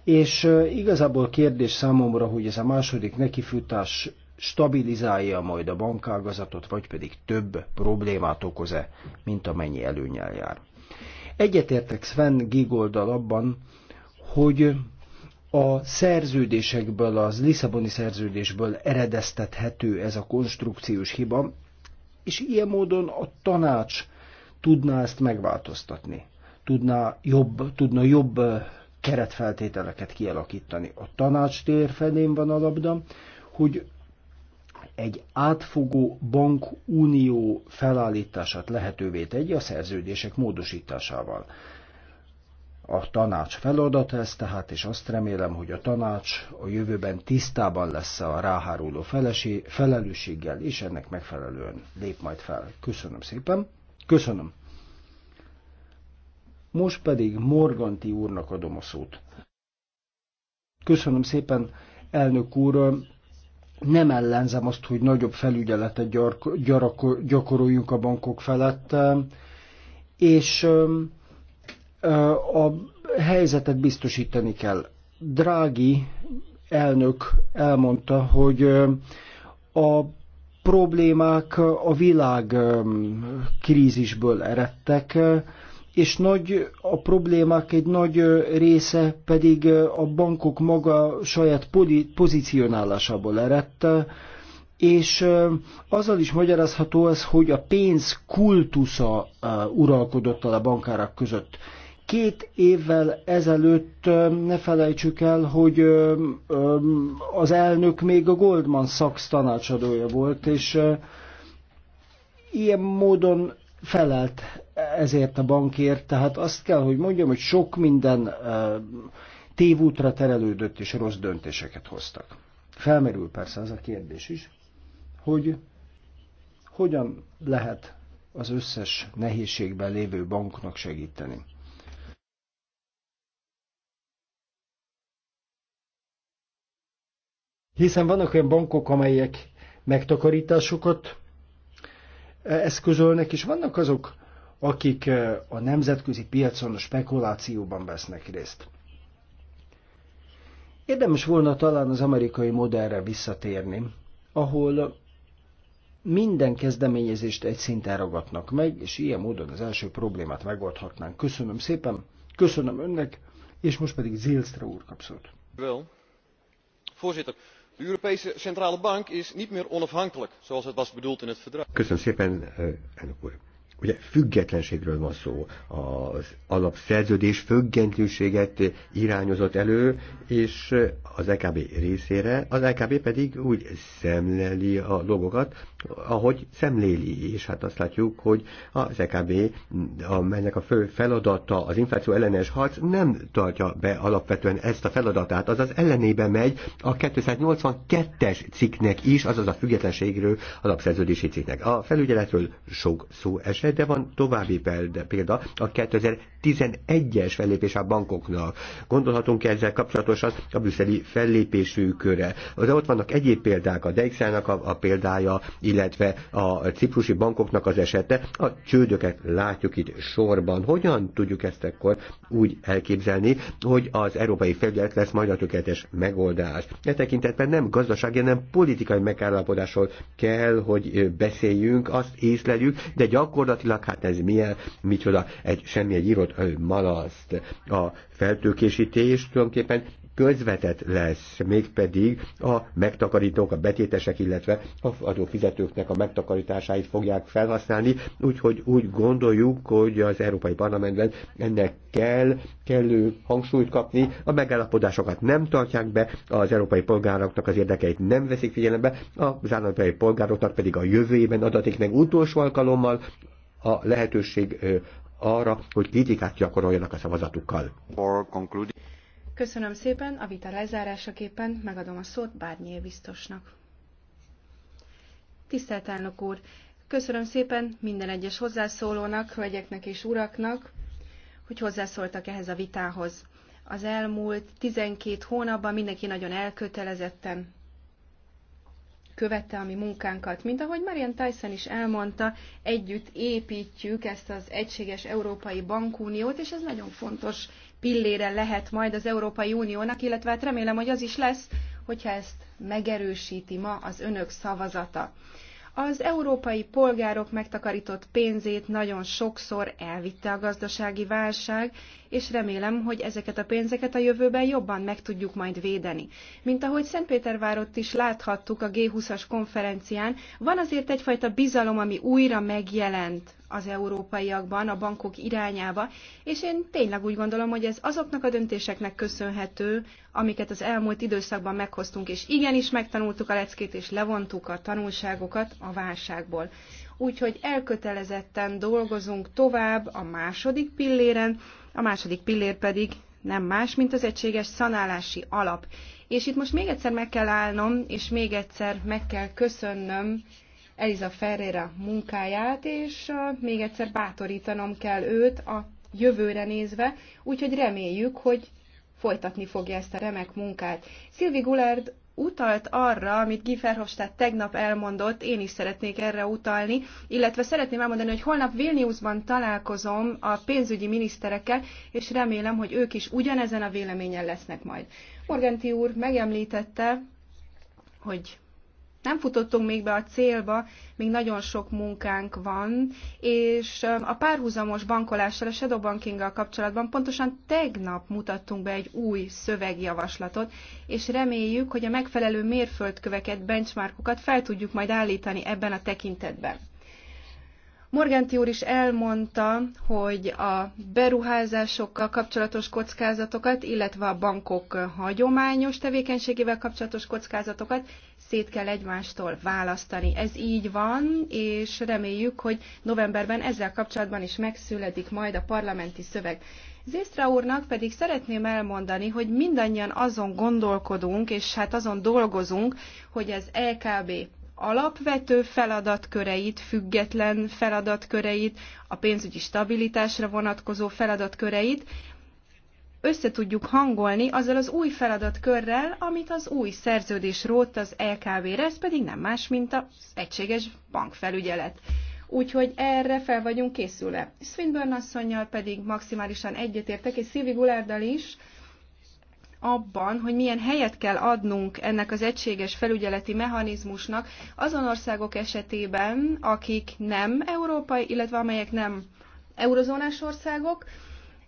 és igazából kérdés számomra, hogy ez a második nekifutás stabilizálja majd a bankágazatot, vagy pedig több problémát okoz-e, mint amennyi előnyel jár. Egyetértek Sven Gigoldal abban, hogy a szerződésekből, az Lisszaboni szerződésből eredeztethető ez a konstrukciós hiba, és ilyen módon a tanács tudná ezt megváltoztatni tudna jobb, tudna jobb keretfeltételeket kialakítani. A tanács tér felén van a labda, hogy egy átfogó bankunió felállítását lehetővé tegye a szerződések módosításával. A tanács feladat ez tehát, és azt remélem, hogy a tanács a jövőben tisztában lesz a ráháruló felesé, felelősséggel, és ennek megfelelően lép majd fel. Köszönöm szépen. Köszönöm. Most pedig Morganti úrnak adom a szót. Köszönöm szépen, elnök úr. Nem ellenzem azt, hogy nagyobb felügyeletet gyakoroljunk a bankok felett, és a helyzetet biztosítani kell. Drági elnök elmondta, hogy a problémák a világ krízisből eredtek, és nagy a problémák egy nagy része pedig a bankok maga saját pozícionálásából eredt, és azzal is magyarázható ez, hogy a pénz kultusza uralkodott el a bankárak között. Két évvel ezelőtt ne felejtsük el, hogy az elnök még a Goldman Sachs tanácsadója volt, és ilyen módon felelt ezért a bankért, tehát azt kell, hogy mondjam, hogy sok minden tévútra terelődött és rossz döntéseket hoztak. Felmerül persze az a kérdés is, hogy hogyan lehet az összes nehézségben lévő banknak segíteni. Hiszen vannak olyan bankok, amelyek megtakarításokat eszközölnek, és vannak azok, akik eh, a nemzetközi piacon a spekulációban vesznek részt. Érdemes volna talán az amerikai modellre visszatérni, ahol minden kezdeményezést egy szinten ragadnak meg, és ilyen módon az első problémát megoldhatnánk. Köszönöm szépen, köszönöm önnek, és most pedig Zilstra úr kapszott. Well. Voorzitter, de europese centrale bank is niet meer onafhankelijk zoals het was bedoeld in het verdrag. Ugye függetlenségről van szó. Az alapszerződés függetlenséget irányozott elő, és az LKB részére, az LKB pedig úgy szemleli a dolgokat, ahogy szemléli, és hát azt látjuk, hogy az EKB, amelynek a fő feladata az infláció ellenes harc, nem tartja be alapvetően ezt a feladatát, azaz ellenébe megy a 282-es cikknek is, azaz a függetlenségről alapszerződési cikknek. A felügyeletről sok szó esett, de van további példa a 2011-es fellépés a bankoknak. Gondolhatunk ezzel kapcsolatosan a brüsszeli fellépésükre. De ott vannak egyéb példák, a Dexelnak a, a példája, illetve a ciprusi bankoknak az esete, a csődöket látjuk itt sorban. Hogyan tudjuk ezt akkor úgy elképzelni, hogy az európai felület lesz majd a tökéletes megoldás? E tekintetben nem gazdasági, hanem politikai megállapodásról kell, hogy beszéljünk, azt észleljük, de gyakorlatilag hát ez milyen, micsoda, egy semmi egy írott malaszt. A feltőkésítés tulajdonképpen közvetett lesz, mégpedig a megtakarítók, a betétesek, illetve a adófizetőknek a megtakarításáit fogják felhasználni, úgyhogy úgy gondoljuk, hogy az Európai Parlamentben ennek kell kellő hangsúlyt kapni, a megállapodásokat nem tartják be, az európai polgároknak az érdekeit nem veszik figyelembe, az európai polgároknak pedig a jövőjében adatik meg utolsó alkalommal a lehetőség arra, hogy kritikát gyakoroljanak a szavazatukkal. Köszönöm szépen, a vita lezárásaképpen megadom a szót Bárnyé biztosnak. Tisztelt elnök úr, köszönöm szépen minden egyes hozzászólónak, hölgyeknek és uraknak, hogy hozzászóltak ehhez a vitához. Az elmúlt 12 hónapban mindenki nagyon elkötelezetten követte a mi munkánkat. Mint ahogy Marian Tyson is elmondta, együtt építjük ezt az egységes Európai Bankuniót, és ez nagyon fontos pillére lehet majd az Európai Uniónak, illetve hát remélem, hogy az is lesz, hogyha ezt megerősíti ma az önök szavazata. Az európai polgárok megtakarított pénzét nagyon sokszor elvitte a gazdasági válság, és remélem, hogy ezeket a pénzeket a jövőben jobban meg tudjuk majd védeni. Mint ahogy Szentpétervárot is láthattuk a G20-as konferencián, van azért egyfajta bizalom, ami újra megjelent az európaiakban, a bankok irányába, és én tényleg úgy gondolom, hogy ez azoknak a döntéseknek köszönhető, amiket az elmúlt időszakban meghoztunk, és igenis megtanultuk a leckét, és levontuk a tanulságokat a a válságból. Úgyhogy elkötelezetten dolgozunk tovább a második pilléren, a második pillér pedig nem más, mint az egységes szanálási alap. És itt most még egyszer meg kell állnom, és még egyszer meg kell köszönnöm Eliza Ferreira munkáját, és még egyszer bátorítanom kell őt a jövőre nézve, úgyhogy reméljük, hogy folytatni fogja ezt a remek munkát. Szilvi Gulárd utalt arra, amit Guy Verhofstadt tegnap elmondott, én is szeretnék erre utalni, illetve szeretném elmondani, hogy holnap Vilniusban találkozom a pénzügyi miniszterekkel, és remélem, hogy ők is ugyanezen a véleményen lesznek majd. Morganti úr megemlítette, hogy nem futottunk még be a célba, még nagyon sok munkánk van, és a párhuzamos bankolással, a shadow bankinggal kapcsolatban pontosan tegnap mutattunk be egy új szövegjavaslatot, és reméljük, hogy a megfelelő mérföldköveket, benchmarkokat fel tudjuk majd állítani ebben a tekintetben. Morganti úr is elmondta, hogy a beruházásokkal kapcsolatos kockázatokat, illetve a bankok hagyományos tevékenységével kapcsolatos kockázatokat szét kell egymástól választani. Ez így van, és reméljük, hogy novemberben ezzel kapcsolatban is megszületik majd a parlamenti szöveg. Zésztra úrnak pedig szeretném elmondani, hogy mindannyian azon gondolkodunk, és hát azon dolgozunk, hogy az LKB alapvető feladatköreit, független feladatköreit, a pénzügyi stabilitásra vonatkozó feladatköreit össze tudjuk hangolni azzal az új feladatkörrel, amit az új szerződés rótt az LKV-re, ez pedig nem más, mint az egységes bankfelügyelet. Úgyhogy erre fel vagyunk készülve. Swinburne asszonynal pedig maximálisan egyetértek, és Szilvi Gulárdal is, abban, hogy milyen helyet kell adnunk ennek az egységes felügyeleti mechanizmusnak azon országok esetében, akik nem európai, illetve amelyek nem eurozónás országok,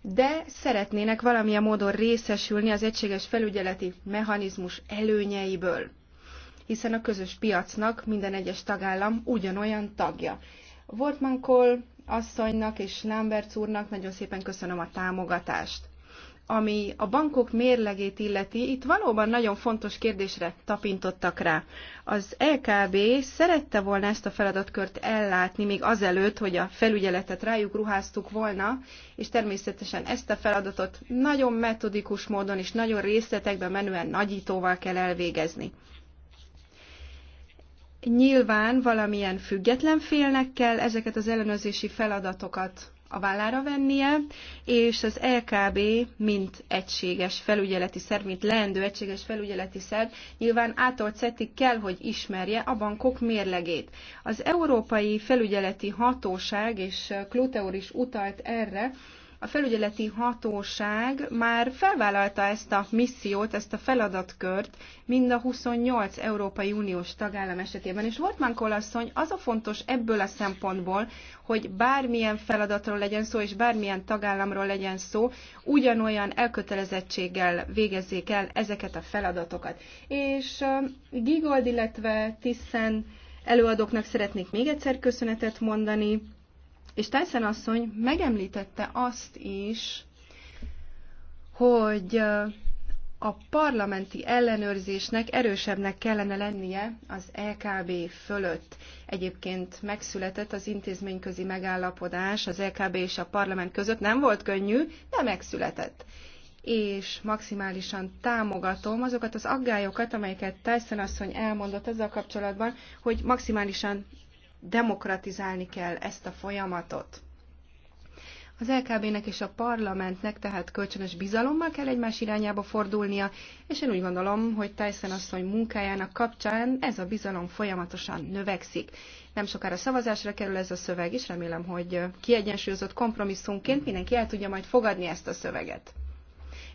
de szeretnének valamilyen módon részesülni az egységes felügyeleti mechanizmus előnyeiből, hiszen a közös piacnak minden egyes tagállam ugyanolyan tagja. Wortmann Kohl asszonynak és Lamberts úrnak nagyon szépen köszönöm a támogatást. Ami a bankok mérlegét illeti, itt valóban nagyon fontos kérdésre tapintottak rá. Az LKB e szerette volna ezt a feladatkört ellátni még azelőtt, hogy a felügyeletet rájuk ruháztuk volna, és természetesen ezt a feladatot nagyon metodikus módon és nagyon részletekben menően nagyítóval kell elvégezni nyilván valamilyen független félnek kell ezeket az ellenőrzési feladatokat a vállára vennie, és az LKB, mint egységes felügyeleti szerv, mint leendő egységes felügyeleti szerv, nyilván átolcetti kell, hogy ismerje a bankok mérlegét. Az Európai Felügyeleti Hatóság, és Kluteur is utalt erre, a felügyeleti hatóság már felvállalta ezt a missziót, ezt a feladatkört mind a 28 Európai Uniós tagállam esetében. És Wortmann kolasszony az a fontos ebből a szempontból, hogy bármilyen feladatról legyen szó, és bármilyen tagállamról legyen szó, ugyanolyan elkötelezettséggel végezzék el ezeket a feladatokat. És Gigold, illetve Tiszen előadóknak szeretnék még egyszer köszönetet mondani és Tyson asszony megemlítette azt is, hogy a parlamenti ellenőrzésnek erősebbnek kellene lennie az LKB fölött. Egyébként megszületett az intézményközi megállapodás az LKB és a parlament között. Nem volt könnyű, de megszületett. És maximálisan támogatom azokat az aggályokat, amelyeket Tyson asszony elmondott ezzel kapcsolatban, hogy maximálisan demokratizálni kell ezt a folyamatot. Az LKB-nek és a parlamentnek tehát kölcsönös bizalommal kell egymás irányába fordulnia, és én úgy gondolom, hogy Tyson asszony munkájának kapcsán ez a bizalom folyamatosan növekszik. Nem sokára szavazásra kerül ez a szöveg, és remélem, hogy kiegyensúlyozott kompromisszumként mindenki el tudja majd fogadni ezt a szöveget.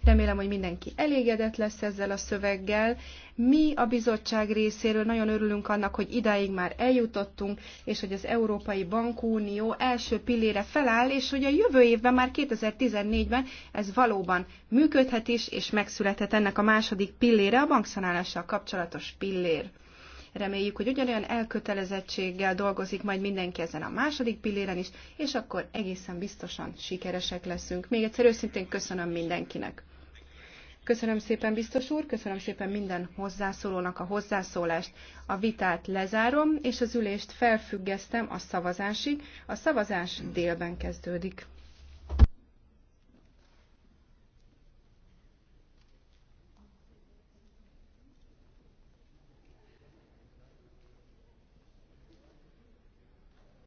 Remélem, hogy mindenki elégedett lesz ezzel a szöveggel. Mi a bizottság részéről nagyon örülünk annak, hogy idáig már eljutottunk, és hogy az Európai Bankunió első pillére feláll, és hogy a jövő évben, már 2014-ben ez valóban működhet is, és megszülethet ennek a második pillére, a bankszanálással kapcsolatos pillér. Reméljük, hogy ugyanolyan elkötelezettséggel dolgozik majd mindenki ezen a második pilléren is, és akkor egészen biztosan sikeresek leszünk. Még egyszer őszintén köszönöm mindenkinek. Köszönöm szépen, biztos úr, köszönöm szépen minden hozzászólónak a hozzászólást. A vitát lezárom, és az ülést felfüggesztem a szavazásig. A szavazás délben kezdődik.